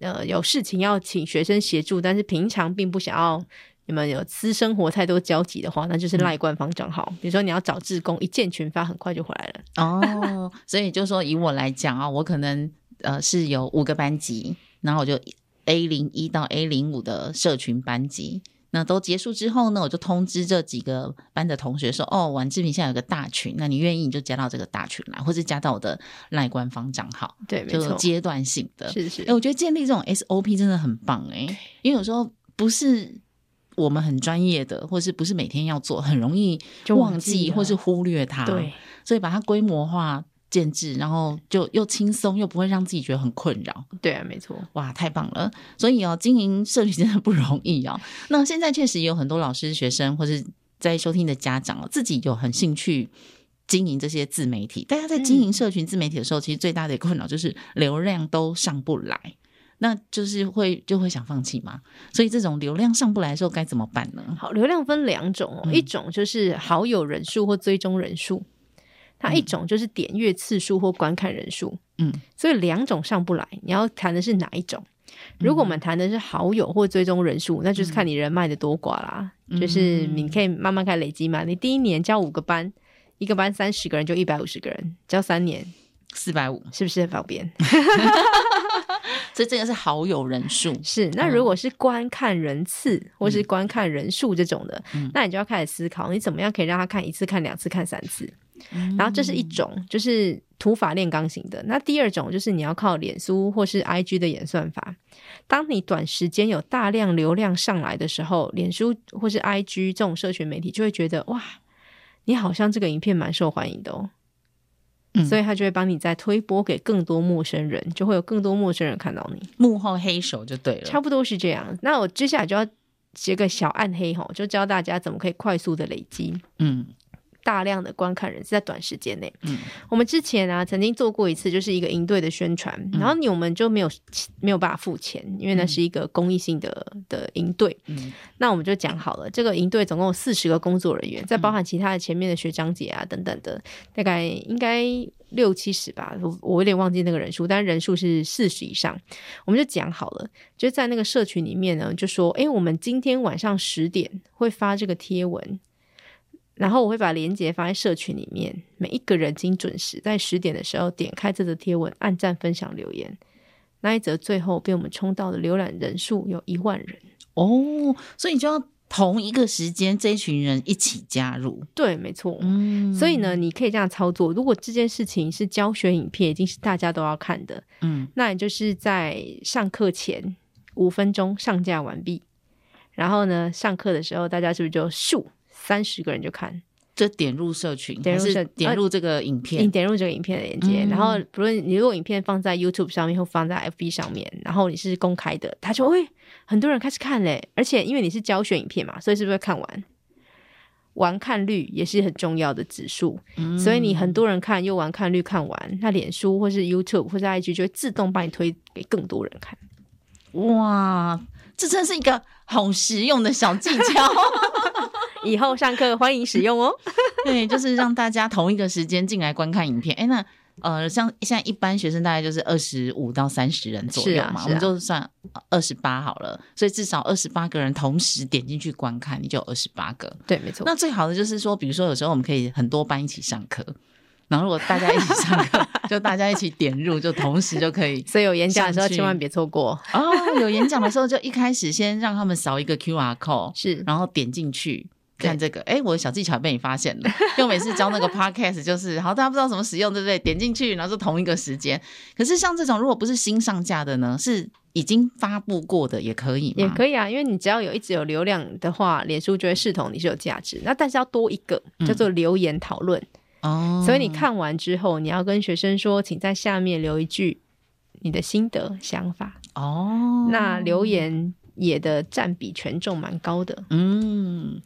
呃，有事情要請學生協助，但是平常並不想要你們有私生活太多交集的話，那就是賴官方賬號。比如說你要找志工，一鍵群發很快就回來了哦。 所以就說以我來講啊，我可能呃是有五個班級，然後我就 A 零一到 A 零五的社群班級。那都結束之後呢，我就通知這幾個班的同學說：“哦，宛志蘋現在有個大群，那你願意你就加到這個大群來，或是加到我的賴官方賬號。”對，沒錯，就是階段性的。是是，欸、我覺得建立這種 SOP 真的很棒哎、欸，因為有時候不是我們很專業的，或是不是每天要做，很容易忘記或是忽略它，對，所以把它規模化。限制，然後就又輕鬆又不會讓自己覺得很困擾。對啊，沒錯，哇，太棒了！所以哦，經營社群真的不容易啊、哦。那現在確實有很多老師、學生或者是在收聽的家長哦，自己有很興趣經營這些自媒體。大家在經營社群自媒體的時候，嗯、其實最大的困擾就是流量都上不來，那就是會就會想放棄嘛。所以這種流量上不來的時候，該怎麼辦呢？好，流量分兩種，一種就是好友人數或追蹤人數。嗯那一種就是點閱次數或觀看人數，嗯，所以兩種上不來，你要談的是哪一種？如果我們談的是好友或追蹤人數、嗯，那就是看你人脈的多寡啦、嗯，就是你可以慢慢開始累積嘛、嗯。你第一年教五個班，一個班三十個人就一百五十個人，教三年四百五，是不是方便？ 所以這個是好友人數，是、嗯、那如果是觀看人次或是觀看人數這種的、嗯，那你就要開始思考，你怎麼樣可以讓他看一次看、兩次看兩次、看三次？然後這是一種，嗯、就是土法煉鋼型的。那第二種就是你要靠臉書或是 IG 的演算法。當你短時間有大量流量上來的時候，臉書或是 IG 這種社群媒體就會覺得哇，你好像這個影片蠻受歡迎的哦。嗯、所以它就會幫你再推播給更多陌生人，就會有更多陌生人看到你。幕後黑手就對了，差不多是這樣。那我接下來就要寫個小暗黑吼，就教大家怎麼可以快速的累積。嗯。大量的觀看人是在短時間內。嗯，我們之前啊曾經做過一次，就是一個營隊的宣傳，嗯、然後我們就沒有沒有辦法付錢，因為那是一個公益性的、嗯、的營隊。嗯，那我們就講好了，這個營隊總共有四十個工作人員，嗯、再包含其他的前面的學長姐啊等等的，大概應該六七十吧，我我有點忘記那個人數，但人數是四十以上。我們就講好了，就在那個社群裡面呢，就說：哎，我們今天晚上十點會發這個貼文。然後我會把鏈接放在社群裡面，每一個人精準時在十點的時候點開這則貼文，按讚、分享、留言。那一則最後被我們衝到的瀏覽人數有一萬人哦，所以你就要同一個時間，這群人一起加入。對，沒錯。嗯，所以呢，你可以這樣操作。如果這件事情是教學影片，已經是大家都要看的，嗯，那也就是在上課前五分鐘上架完畢，然後呢，上課的時候大家是不是就咻？三十個人就看，就點入社群，點入點入這個影片，呃、點入這個影片的鏈接、嗯，然後不論你如果影片放在 YouTube 上面或放在 FB 上面，然後你是公開的，他就哎、欸、很多人開始看嘞，而且因為你是教學影片嘛，所以是不是看完，完看率也是很重要的指數，嗯，所以你很多人看又完看率看完，那臉書或是 YouTube 或是 IG 就會自動把你推給更多人看。哇，這真是一個好實用的小技巧。 以後上課歡迎使用哦。 對，就是讓大家同一個時間進來觀看影片。哎，那呃，像現在一般學生大概就是二十五到三十人左右嘛，啊啊、我們就算二十八好了。所以至少二十八個人同時點進去觀看，你就二十八個。對，沒錯。那最好的就是說，比如說有時候我們可以很多班一起上課，然後如果大家一起上課， 就大家一起點入，就同時就可以。所以有演講的時候千萬別錯過 哦。有演講的時候就一開始先讓他們掃一個 QR Code，是，然後點進去。看這個，哎、欸，我的小技巧也被你發現了。 又每次教那個 podcast，就是，然後大家不知道怎麼使用，對不對？點進去，然後是同一個時間。可是像這種，如果不是新上架的呢，是已經發布過的，也可以，也可以啊。因為你只要有一直有流量的話，臉書就會視同你是有價值。那但是要多一個、嗯、叫做留言討論哦。所以你看完之後，你要跟學生說，請在下面留一句你的心得想法哦。那留言也的佔比權重蠻高的，嗯。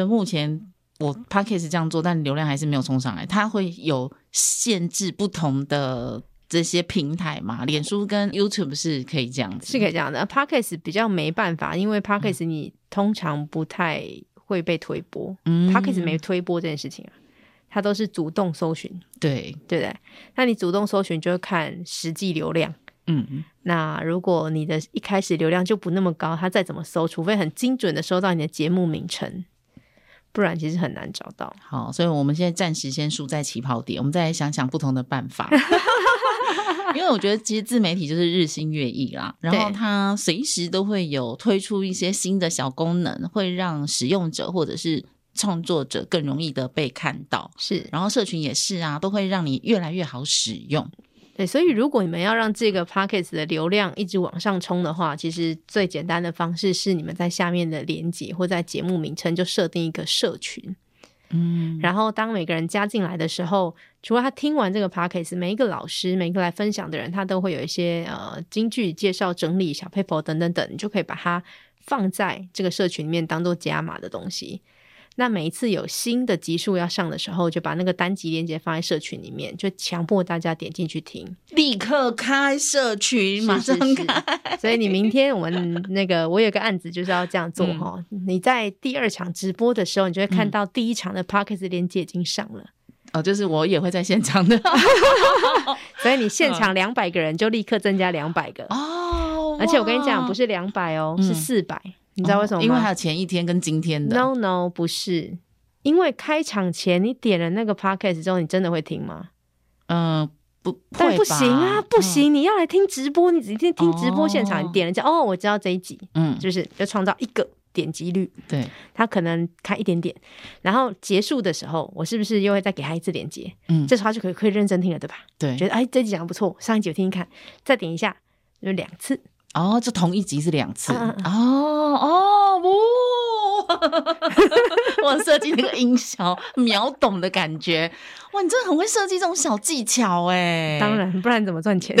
就目前我 podcast 這樣做，但流量還是沒有衝上來。它會有限制不同的這些平台嘛？臉書跟 YouTube 是可以這樣子的，是可以這樣的。podcast 比較沒辦法，因為 podcast 你通常不太會被推播。嗯，podcast 沒推播這件事情啊，它都是主動搜尋，對對不對？那你主動搜尋，就看實際流量。嗯，那如果你的一開始流量就不那麼高，它再怎麼搜，除非很精準的搜到你的節目名稱，不然其實很難找到。好，所以我們現在暫時先輸在起跑點，我們再來想想不同的辦法。 因為我覺得其實自媒體就是日新月異啦，然後它隨時都會有推出一些新的小功能，會讓使用者或者是創作者更容易的被看到。是，然後社群也是啊，都會讓你越來越好使用。對，所以如果你們要讓這個 podcast 的流量一直往上衝的話，其實最簡單的方式是你們在下面的連結或在節目名稱就設定一個社群。嗯，然後當每個人加進來的時候，除了他聽完這個 podcast，每一個老師、每一個來分享的人，他都會有一些呃京劇介紹、整理小 paper 等等等，你就可以把它放在這個社群裡面當做加碼的東西。那每一次有新的集數要上的時候，就把那個單集連接放在社群裡面，就強迫大家點進去聽。立刻開社群馬上開。是是是 所以你明天我們那個，我有個案子就是要這樣做哈、嗯。你在第二場直播的時候，你就會看到第一場的 podcast 連接已經上了、嗯。哦，就是我也會在現場的 所以你現場兩百個人就立刻增加兩百個哦。而且我跟你講，不是兩百哦，嗯、是四百。你知道為什麼嗎？哦、因為還有前一天跟今天的。No No 不是，因為開場前你點了那個 podcast 之後，你真的會聽嗎？嗯、呃，不，但不行啊，不行、嗯！你要來聽直播，你直接聽直播現場，哦、你點了就哦，我知道這一集，嗯，就是要創造一個點擊率。對，他可能開一點點，然後結束的時候，我是不是又會再給他一次連接？嗯，這時候他就可以可以認真聽了，對吧？對，覺得哎，這集講的不錯，上一集我聽聽看，再點一下，有兩次。哦，就同一集是兩次，啊、哦哦,哦，哇！我設計那個音效，秒懂的感覺，哇，你真的很會設計這種小技巧誒、欸。當然，不然怎麼賺錢？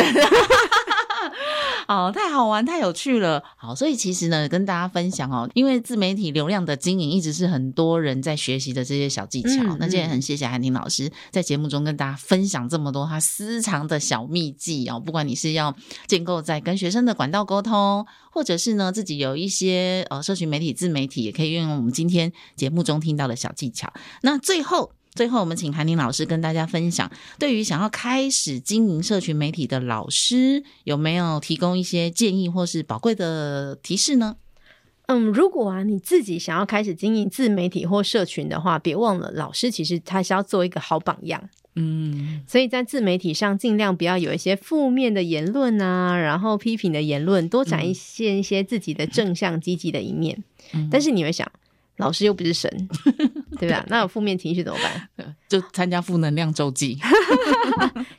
哦，太好玩，太有趣了。好，所以其實呢，跟大家分享哦，因為自媒體流量的經營，一直是很多人在學習的這些小技巧。嗯嗯、那今天很謝謝涵婷老師在節目中跟大家分享這麼多他私藏的小秘技哦。不管你是要建構在跟學生的管道溝通，或者是呢自己有一些呃社群媒體自媒體，也可以運用我們今天節目中聽到的小技巧。那最後。最後，我們請涵婷老師跟大家分享，對於想要開始經營社群媒體的老師，有沒有提供一些建議或是寶貴的提示呢？嗯，如果啊，你自己想要開始經營自媒體或社群的話，別忘了，老師其實他是要做一個好榜樣。嗯，所以在自媒體上，盡量不要有一些負面的言論啊，然後批評的言論，多展一些一些自己的正向積極的一面。嗯，但是，你會想。老師又不是神。 對吧？那有負面情緒怎麼辦？ 就參加負能量週記，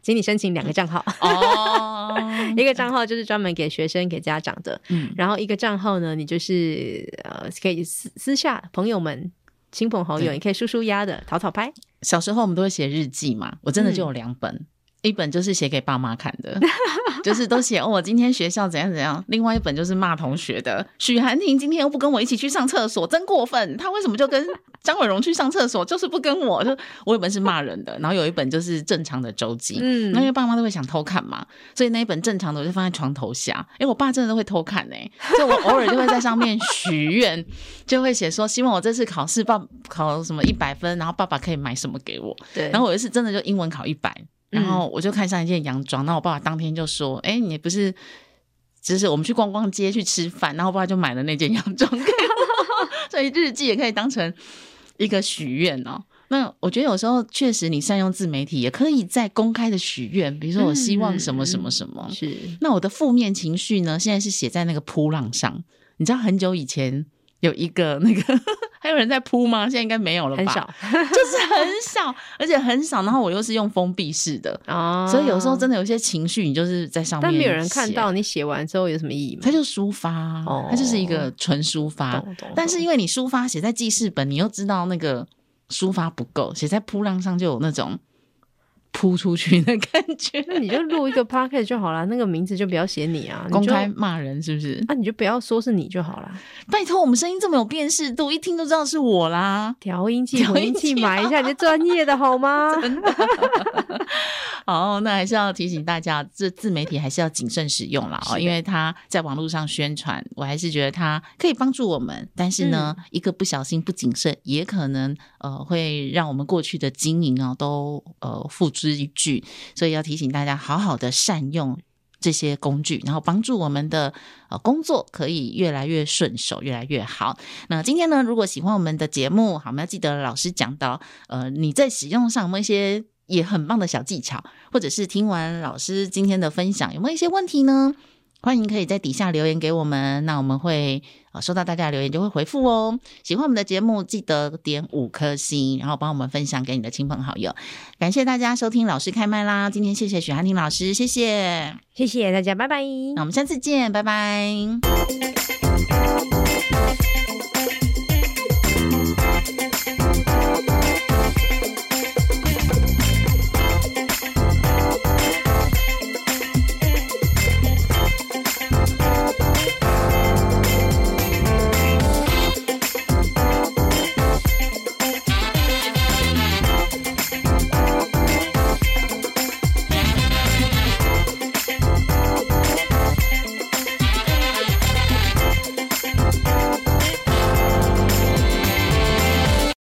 請你申請兩個賬號哦 、oh， 一個賬號就是專門給學生、給家長的，嗯，然後一個賬號呢，你就是呃，可以私私下朋友們、親朋好友，你可以舒舒壓的、討討拍。小時候我們都會寫日記嘛，我真的就有兩本。嗯一本就是寫給爸媽看的， 就是都寫哦，我今天學校怎樣怎樣。另外一本就是罵同學的，許涵婷今天又不跟我一起去上廁所，真過分！他為什麼就跟張偉榮去上廁所，就是不跟我就我一本是罵人的， 然後有一本就是正常的週記。嗯， 因為爸媽都會想偷看嘛，所以那一本正常的我就放在床頭下。因、欸、為我爸真的都會偷看呢、欸，就我偶爾就會在上面許願， 就會寫說希望我這次考試報考什麼一百分，然後爸爸可以買什麼給我。對，然後有一次真的就英文考一百。然後我就看上一件洋裝，那、嗯、我爸爸當天就說：“誒，你不是，只是我們去逛逛街、去吃飯。”然後爸爸就買了那件洋裝。 所以日記也可以當成一個許願哦。那我覺得有時候確實，你善用自媒體也可以在公開的許願，比如說我希望什麼什麼什麼。嗯、是那我的負面情緒呢？現在是寫在那個噗浪上。你知道很久以前。有一個那個，還有人在噗嗎？現在應該沒有了吧？很少， 就是很少，而且很少。然後我又是用封閉式的、哦，所以有時候真的有一些情緒，你就是在上面，但沒有人看到你寫完之後有什麼意義嗎？它就抒發，它就是一個純抒發、哦。但是因為你抒發寫在記事本，你又知道那個抒發不夠；寫在噗浪上就有那種。撲出去的感覺，你就錄一個 podcast 就好了，那個名字就不要寫你啊，公開罵人是不是？啊，你就不要說是你就好了，拜托，我們聲音這麼有辨識度，一聽都知道是我啦。調音器，調音器，音器買一下、啊、你就專業的，好嗎？真的。 好、哦，那還是要提醒大家，這自媒體還是要謹慎使用了哦，因為他在網絡上宣傳，我還是覺得他可以幫助我們，但是呢，嗯、一個不小心不謹慎，也可能呃會讓我們過去的經營啊都呃複制。一句，所以要提醒大家好好的善用這些工具，然後幫助我們的呃工作可以越來越順手，越來越好。那今天呢，如果喜歡我們的節目，好，我們要記得老師講到，呃，你在使用上，有沒有一些也很棒的小技巧，或者是聽完老師今天的分享，有沒有一些問題呢？歡迎可以在底下留言給我們，那我們會收到大家的留言就會回復哦。喜歡我們的節目，記得點五顆星，然後幫我們分享給你的親朋好友。感謝大家收聽老師開麥拉，今天謝謝許涵婷老師，謝謝謝謝大家，拜拜。那我們下次見，拜拜。